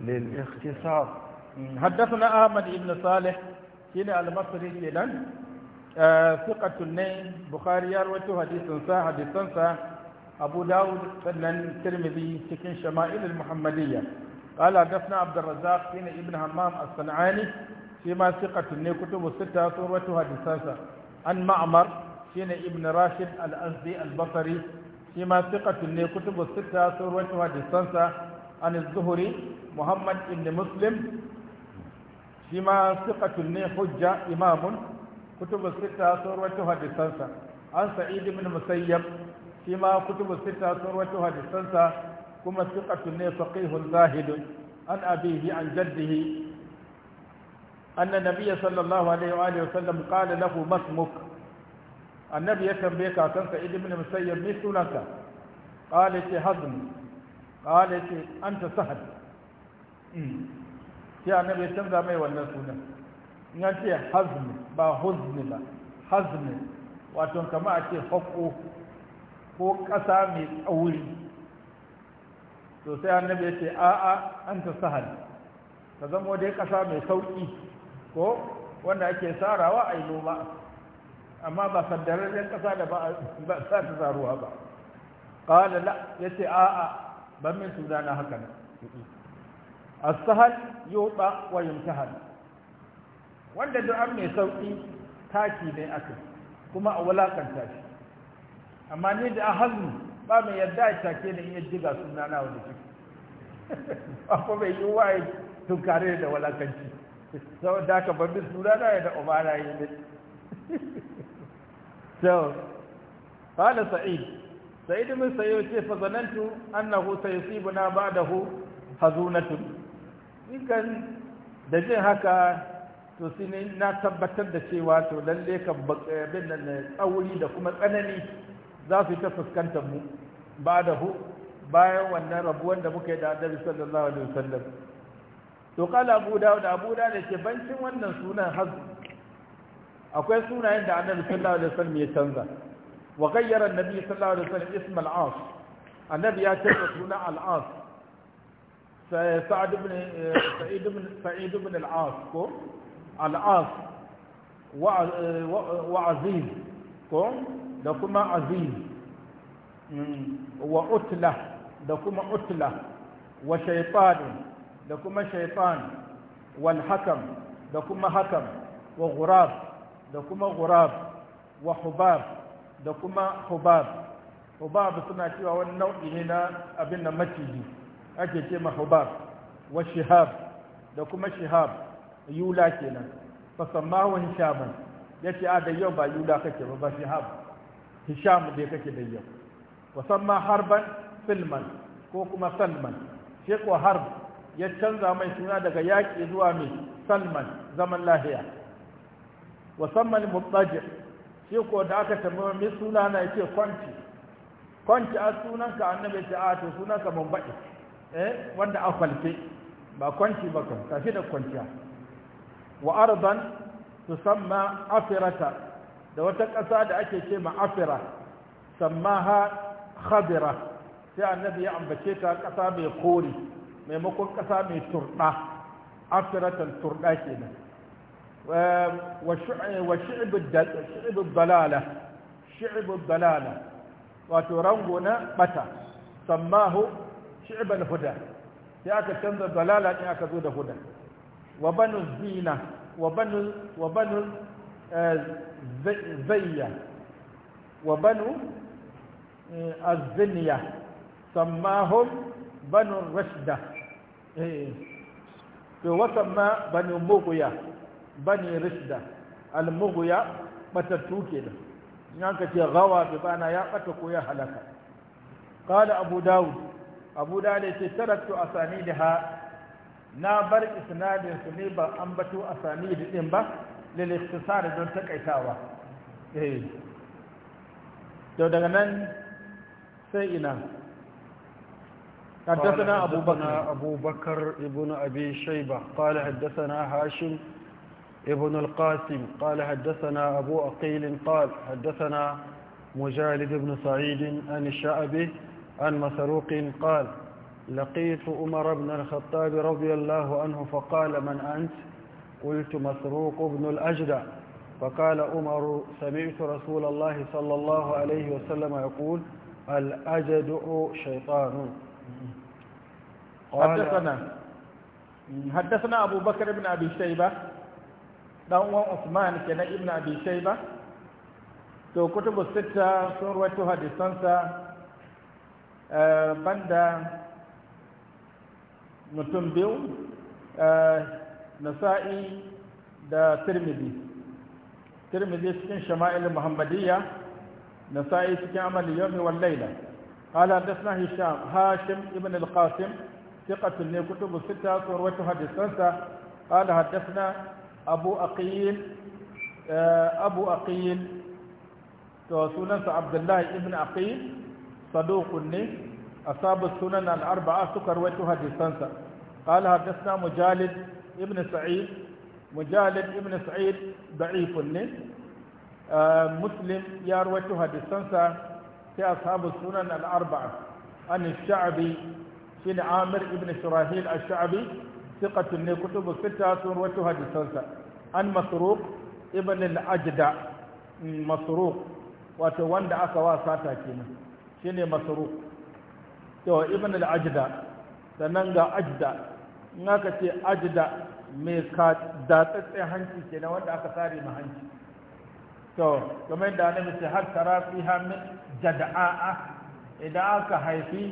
للاختصار حدثنا أحمد بن صالح هنا المصري كنان ثقة النين بخاري يروي حديث صح حديث صح أبو داود فنن الترمذي تكن شمائل المحمدية قال حدثنا عبد الرزاق بن ابن همام الصنعاني فيما ثقة كتب الستة ثروتها دساسة عن معمر شين ابن راشد الأزدي البصري فيما ثقة كتب الستة ثروتها دساسة عن الزهري محمد بن مسلم فيما ثقة حجة إمام كتب الستة ثروتها دساسة عن سعيد بن مسيب shi ma kutubu sita sun rawaito hadisansa kuma thiqatun ne faqihun zahidun an abihi an jaddihi anna nabiyya sallallahu alaihi wa alihi wasallam qala lahu masmuk annabi ya tambaye kakansa ibn musayyib me sunanka qala ce hazm qala ce anta sahad hmm. sai annabi ya canza mai wannan sunan in an ce hazm ba huzni ba hazm wato kama a ce ko ƙasa mai tsauri to sai annabi ya ce a'a an ta sahal ka zamo dai ƙasa mai sauƙi ko wanda ake sarawa a yi noma amma ba sandararren ƙasa da ba sa ta saruwa ba ƙala la ya ce a'a ban min sunana haka na. as-sahal yuta wa yumtahan wanda du'an mai sauƙi taki ne aka kuma a wulakanta shi amma ni da ahalmi ba mai yadda a take da iya jiga suna na wani ciki ko mai yi yi tunkare da walakanci da ka babin suna na yadda da umara yi ne so qala sa'id sa'id min sayo ce fa zanantu annahu sayusibuna ba'dahu hazunatun ikan da jin haka to sai na tabbatar da cewa to lalle kan bin nan eh, tsauri da kuma tsanani za su ta fuskantar mu ba da hu bayan wannan rabuwan da muka yi da annabi sallallahu alaihi wasallam to kala abu dawud abu ne ce bancin wannan sunan haz akwai sunayen da annabi sallallahu alaihi wasallam ya canza wa ghayyara annabi sallallahu alaihi wasallam ism al-as annabi ya canza sunan al-as sa'id ibn sa'id ibn sa'id ibn al-as ko al-as wa wa aziz ko da kuma Azim mm, wa utla da kuma utla wa shaitan da kuma shaitan wal hakam da kuma hakam wa ghurab da kuma ghurab wa hubab da kuma hubab hubab suna cewa wani nau'i ne na abin da maciji ake ce ma hubab wa shihab da kuma shihab yula kenan fasammahu hishaban yace a da yau ba yula kake ba ba shihab hisham da kake da yau wasamma harban filman ko kuma salman shi ko harb ya canza mai suna daga yaki zuwa mai salman zaman lahiya wasamman mutaji shi ko da aka tambaye mai suna na yake kwanci kwanci a sunanka annabi ta ato ah, sunanka mumbaɗi eh wanda a ba kwanci ba kan tafi da kwanciya wa ardan tusamma afirata da wata ƙasa da ake ce ma'afira sammaha khabira sai annabi ya ambace ta ƙasa mai kori maimakon ƙasa mai turɗa afiratan turɗa kenan wa shi'ibu dalala shi'ibu dalala wato rango na bata sammahu shi'ibal huda sai aka canza dalala ɗin aka zo da huda wa banu zina wa banu zayya wa banu aziniya sammahum banu Rashida. to ma banu muguya bani Rashida, al-muguya batattu kenan yan ka ce gawa bi bana ya bata ko ya halaka qala abu Dawud, abu daud ya ce da ha. na bar isnadin su ne ba ambato da din ba للاختصار دون تك عتاوة ايه daga من sai حدثنا أبو بكر أبو بكر ابن أبي شيبة قال حدثنا هاشم ابن القاسم قال حدثنا أبو أقيل قال حدثنا مجالد بن سعيد عن الشعبي عن مسروق قال لقيت أمر بن الخطاب رضي الله عنه فقال من أنت قلت مسروق بن الأجدع فقال عمر سمعت رسول الله صلى الله عليه وسلم يقول الأجدع شيطان حدثنا حدثنا أبو بكر بن أبي شيبة دعوة عثمان كان ابن أبي شيبة to kutubu sita sun rawaito hadisansa banda mutum biyu nasa'i da tirmidhi tirmidhi cikin shama'il muhammadiyya nasa'i cikin amali yomi wal laila qala dasna hisham hashim ibn al qasim thiqatu li kutub sita wa hadithansa qala hadathna abu aqil eh, abu aqil sunansa abdullah ibn aqil saduqun ni asab sunan al arba'a sukar wa hadithansa qala hadathna mujalid ibn sa'id mujalid ibn sa'id da'ifun ne uh, muslim ya rawaito hadisansa sai ashabu sunan al-arba'a an sha'bi shi ne amir ibn shurahil al-sha'bi thiqatun ne kutubu sita sun rawaito hadisansa an masruq ibn al-ajda mm, wato wanda aka wa sata kenan shine to ga ajda in aka ce ajida mai ka datsatsen hanci ke na wanda aka sare ma hanci to kuma yadda annabi ce har tara fi hamil jada'a idan aka haifi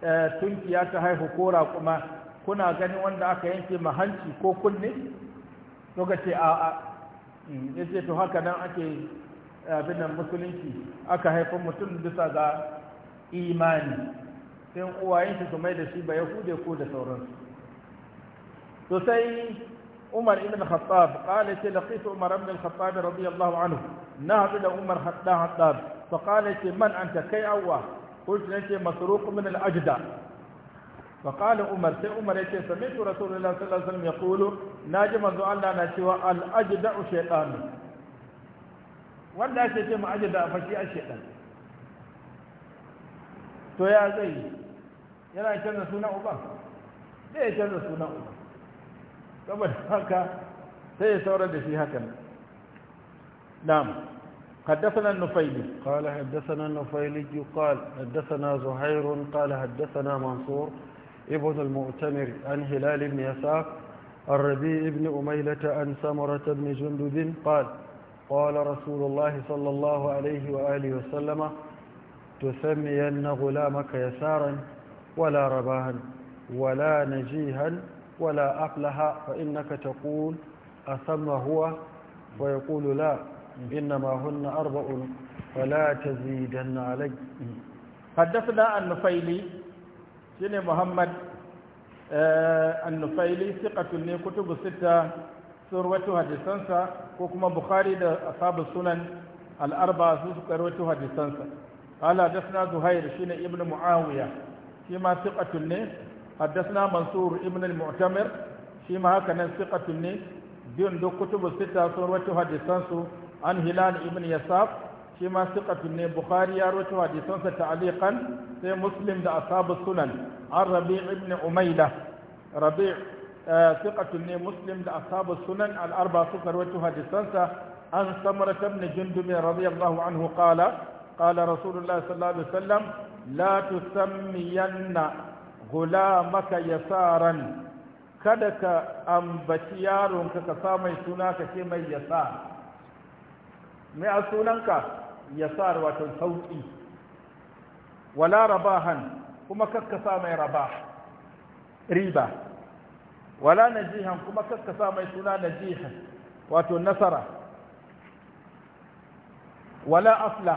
eh, ya ta haihu ko kuma kuna gani wanda aka yanke ma hanci ko kunne to ka ce a'a mm, ya ce to haka nan ake abin musulunci aka haifi mutum bisa ga imani sai uwayen su mai da shi ba ya hude ko da sauransu to sai umar ibn khattab qala ce laqitu umar ibn khattab radiyallahu anhu na da umar hadda haddab fa qala ce man anta kai awwa قلت نتي مسروق من الأجدع فقال عمر sai عمر يتي سمعت رسول الله صلى الله عليه وسلم يقول Allah na cewa نتوى الأجدع شيطان wanda ake ce ma'ajida a fashi a shedan to ya zai yana canza sunan uban zai canza sunan uban saboda haka sai ya saurar da shi hakan na'am حدثنا النفيلي قال حدثنا النفيلي قال حدثنا زهير قال حدثنا منصور ابن المؤتمر عن هلال بن يساق الربيع بن أميلة عن سمرة بن جندب قال قال رسول الله صلى الله عليه وآله وسلم تسمين غلامك يسارا ولا رباها ولا نجيها ولا أفلح فإنك تقول أثم هو ويقول لا إنما هن أربع ولا تزيدن علي حدثنا النفيلي سيدنا محمد آه النفيلي ثقة لي كتب ستة سروة حديثانسا وكما بخاري أصحاب السنن الأربعة سروة حديثانسا قال حدثنا زهير شين ابن معاوية فيما ثقة لي حدثنا منصور ابن المعتمر فيما هكذا ثقة مني بين دو كتب الستة سورة حديثانسو عن هلال ابن يساف فيما ثقة مني بخاري يروي حديثانسا تعليقا في مسلم دا أصحاب السنن عن ربيع ابن عميلة ربيع آه ثقة مني مسلم دا أصحاب السنن الأربعة سكر وتو حديثانسا عن سمرة بن جندب رضي الله عنه قال قال رسول الله صلى الله عليه وسلم لا تسمين gulamaka yasaran kada ka ambaci yaronka ka sa mai suna ka ce mai yasa mai a sunanka yasar wato sauki wala rabahan kuma kakka sa mai raba riba wala najihan kuma kakka sa mai suna najihan wato nasara wala afla,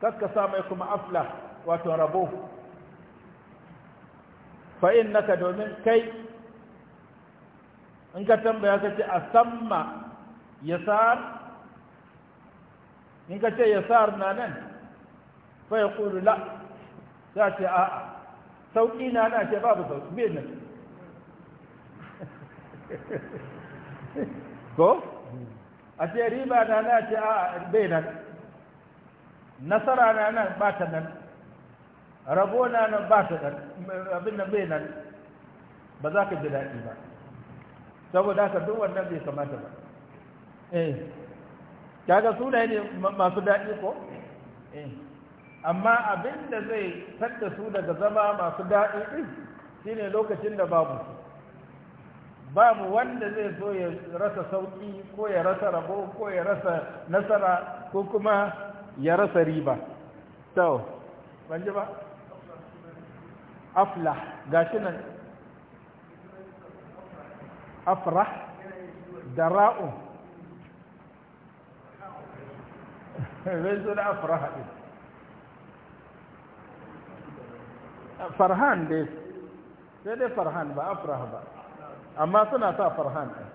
kakka sa mai kuma afla, wato rabo fa'in naka domin kai in ka tambaya ka ce a samma ya sa'ar? in ka ce ya sa'ar na nan fa ya ƙuru la za ce a'a sauƙi na na ce babu sauƙi bai nan ko a ce riba na na ce a'a bai nan nasara na nan ba ta nan rabo na nan ba ta abin nan bai nan ba za ka ji daɗi ba saboda haka duk wannan bai kamata ba eh kaga sunaye ne masu daɗi ko eh amma abin da zai tadda su daga zama masu daɗi din shine lokacin da babu babu wanda zai so ya rasa sauki ko ya rasa rabo ko ya rasa nasara ko kuma ya rasa riba to ban ji ba aflah shi nan afrah da ra'u zai da afrah farhan dai sai dai farhan ba afrah ba amma suna sa farhan ɗin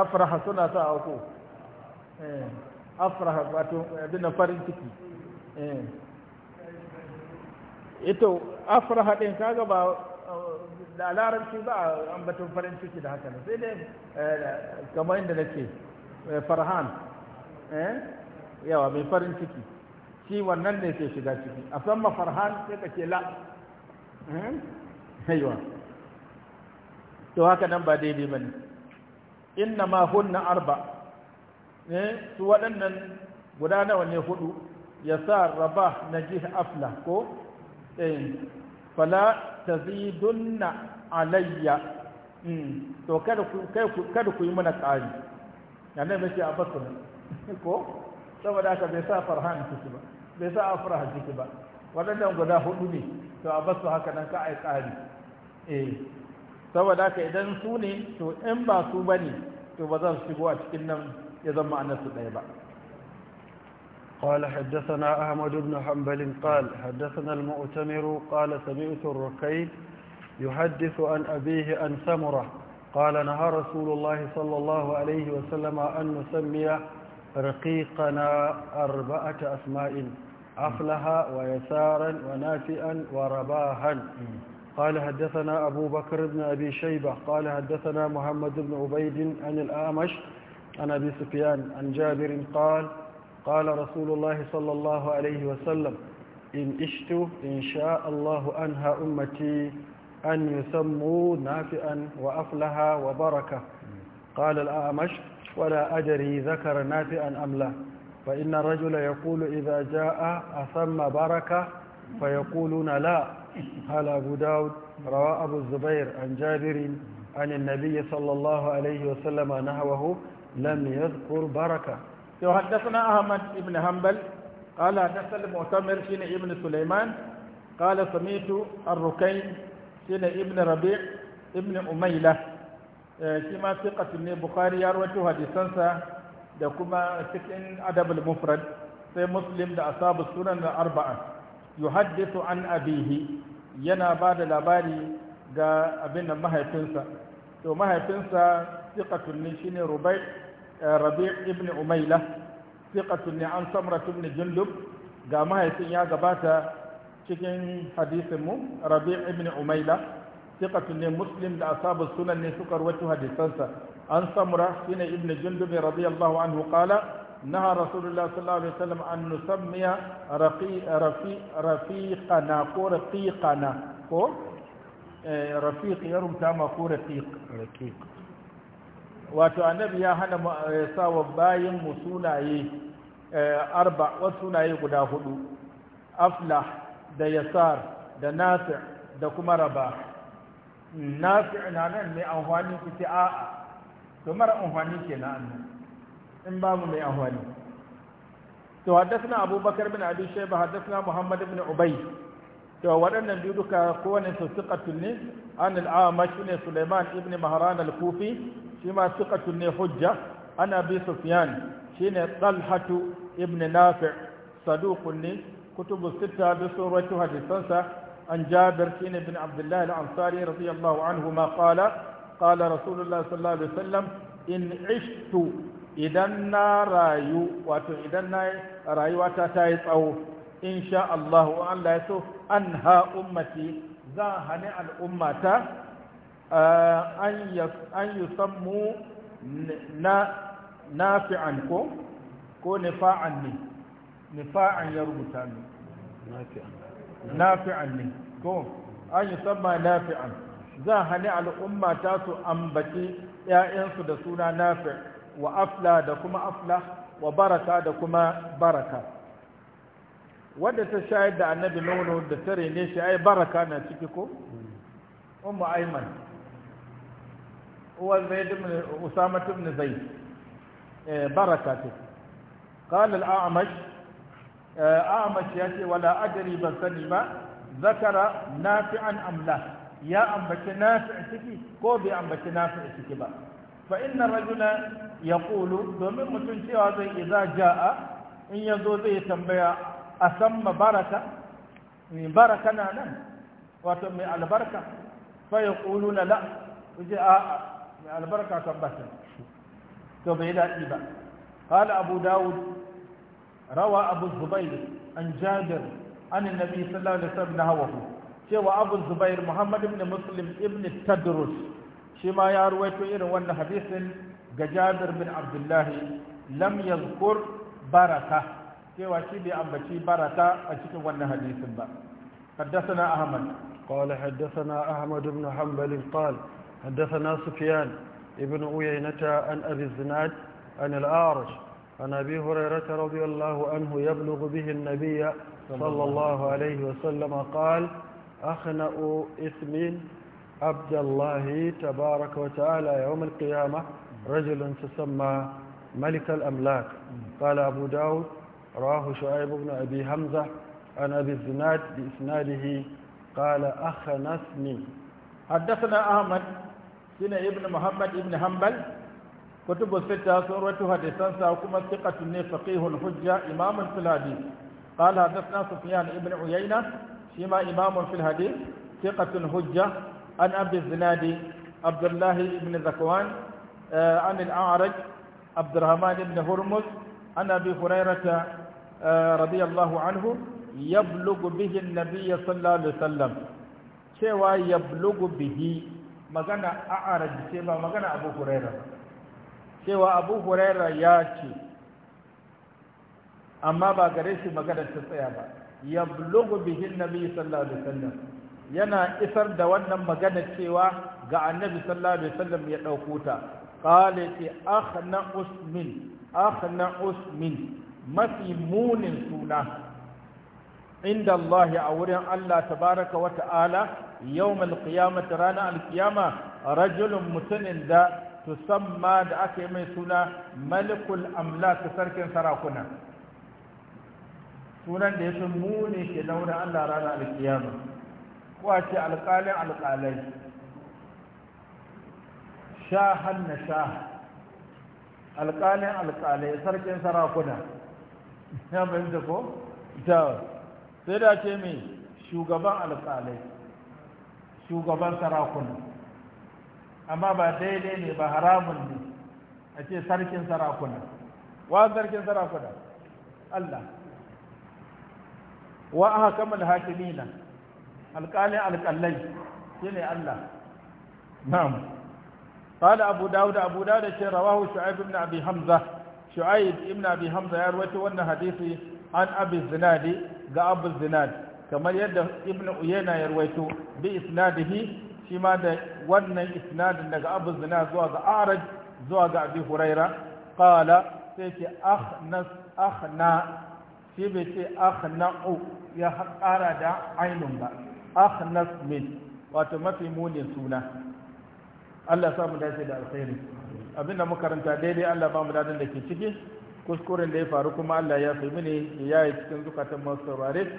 afrah suna sa auku eh, afrah tun abin farin ciki eh. ito afraha din kaga ba da uh, larabci ba a ambaton farin ciki da haka sai dai eh, kamar inda nake eh, farhan eh, yawa mai farin ciki shi wannan ne ke shiga ciki a san ma farhan sai ka la la aiwa to haka nan ba daidai ba ne inna ma hunna arba eh su waɗannan guda nawa ne hudu yasar rabah najih afla ko Eh, fala tazidunna alayya hmm, to kada ku yi mana ƙari yana mai ce a basu ko saboda haka bai sa farhan ciki ba bai sa afraha ciki ba waɗannan guda hudu ne to a basu haka nan ka ai ƙari eh saboda haka idan su ne to in ba su ba ne, to ba za su shigo a cikin nan ya zama annasu ɗaya ba قال حدثنا أحمد بن حنبل قال حدثنا المؤتمر قال سمعت الركيل يحدث عن أبيه عن سمرة قال نهى رسول الله صلى الله عليه وسلم أن نسمي رقيقنا أربعة أسماء أفلها ويسارا ونافئا ورباها قال حدثنا أبو بكر بن أبي شيبة قال حدثنا محمد بن عبيد عن الآمش عن أبي سفيان عن جابر قال قال رسول الله صلى الله عليه وسلم إن عشت إن شاء الله أنهى أمتي أن يسموا نافئا وأفلها وبركة قال الأعمش ولا أدري ذكر نافئا أم لا فإن الرجل يقول إذا جاء أثم بركة فيقولون لا هل أبو داود روى أبو الزبير عن جابر عن النبي صلى الله عليه وسلم نهوه لم يذكر بركة to haddathana ahmad ibn hanbal قال حدثنا المؤتمر شين ابن سليمان قال سميت الركين شين ابن ربيع ابن أميلة كما ثقة من البخاري يروي حديثا da kuma cikin adabul mufrad sai muslim da asabu sunan da arba'a yuhaddithu an abihi yana ba da labari ga abin mahaifinsa to mahaifinsa thiqatun ne shine rubai' rabi' ibn umaila thiqatun ne an samra ibn jundub ga mahaifin ya gabata cikin hadisin mu rabi' ibn umaila thiqatun ne muslim da asabu sunan ne suka rawaito hadisansa an samra shine ibn jundub radiyallahu anhu qala نهى رسول الله صلى الله عليه وسلم أن نسمي رقي رفي رفيقنا كو كو رفيق يرم تاما كو wato annabi ya hana eh, sawa bayin mu sunaye eh, arba wasu sunaye guda hudu Afla da yasar da nafi' da kuma raba nafi' na nan mai amfani ku ce a'a to mara amfani ke na annan in ba mu mai amfani to haddasna abubakar bin abi shayba haddasna muhammad bin ubay to waɗannan biyu duka kowane su siqatun ne an al-amash ne sulaiman ibn mahran al-kufi shi ma siqatun ne hujja ana bi sufyan shine talhatu ibn nafi' saduqun ne kutubu sita bi suratu hadisansa an jabir shine bin abdullah al-ansari radiyallahu anhu ma qala qala rasulullah sallallahu alaihi wasallam in ishtu idan na rayu wato idan na rayuwata ta yi tsawo insha sha Allah Allah ya so an ha ummati za hane al'ummata an yusammu na nafi'an ko ko nifa'an ne nifa'an ya rubuta ne nafi'an ne ko an yusamma nafi'an za hani al'umma ta su ambaci 'ya'yansu da suna nafi wa afla da kuma afla wa baraka da kuma baraka wadda ta shayar da annabi nono da tare ne shi ai baraka na ciki ko? umma aiman huwa zaid ibn usama ibn zaid barakati qala al-a'maj a'maj yati wala ban sani ba? zakara nafi'an amla ya ambati nafi' ciki? ko bi ambaci nafi' ciki ba fa inna rajula yaqulu domin mutun cewa zai idza jaa in yazo zai tambaya asamma baraka ni baraka nan wato mai albarka fa yaquluna la a'a albarka tabbata to bai daɗi ba قال أبو داود روى أبو الزبير عن جابر عن النبي صلى الله عليه وسلم نهوه شوى أبو الزبير محمد بن مسلم ابن التدرس شما يرويت إير وأن حديث جابر بن عبد الله لم يذكر بركة شوى شبي أبتي بركة أشكي وأن حديث با حدثنا أحمد قال حدثنا أحمد بن حنبل قال حدثنا سفيان ابن أيينة عن أبي الزناد عن الأعرج عن أبي هريرة رضي الله عنه يبلغ به النبي صلى الله عليه وسلم قال أخنأ إثم عبد الله تبارك وتعالى يوم القيامة رجل تسمى ملك الأملاك قال أبو داود راه شعيب بن أبي حمزة عن أبي الزناد بإسناده قال أخنسني حدثنا أحمد sine ibnu muhammad ibnu hambal kutubu sita suratu hadisansa kuma siqatu ne Fakihun hujja imamun fil hadith qala hadathna sufyan ibn uyayna shima Imamin fil hadith siqatun hujja an abi zinadi ibn zakwan eh, an al a'raj عبد Hurmus, بن هرمز عن ابي هريره رضي الله عنه يبلغ به النبي صلى magana da ce ba magana abu huraira cewa abu huraira ya ce amma ba gare shi magana ta tsaya ba ya blogu bihin biyu sallallahu alaihi yana isar da wannan magana cewa ga annabi sallallahu alaihi wasallam ya ɗauko ta qala ti akhna usmin akhna usmin mafi munin suna inda Allah a wurin Allah tabaraka wa ta'ala يوم القيامة رانا القيامة رجل متنن دا تسمى دا أكي ميسونا ملك الأملاك سرك سراكنا سونا دا يسموني كنون الله رانا القيامة واشي القالي على القالي شاها النشاه القالي على القالي سرك سراكنا نعم عندكم جاو سيدا da ce mai shugaban alƙalai shugaban sarakuna amma ba daidai ne ba haramun ne a ce sarkin sarakuna wa sarkin sarakuna Allah wa aka kamar hakimina alƙalin alƙallai shi ne Allah na'am قال أبو داود أبو داود رواه شعيب بن أبي حمزة شعيب بن أبي حمزة يروي عن أبي الزناد ذا أبو الزناد kamar yadda ibn uyayna ya ruwaito bi isnadihi shi ma da wannan isnadin daga abu zina zuwa ga araj zuwa ga abi huraira qala sai ce akhnas akhna shi bai ce u ya ƙara da ainun ba akhnas min wato mafi munin suna Allah sa mu dace da alkhairi abinda makaranta daidai Allah ba mu dadin da ke ciki kuskuren da ya faru kuma Allah ya fi mini ya yi cikin zukatan masu saurare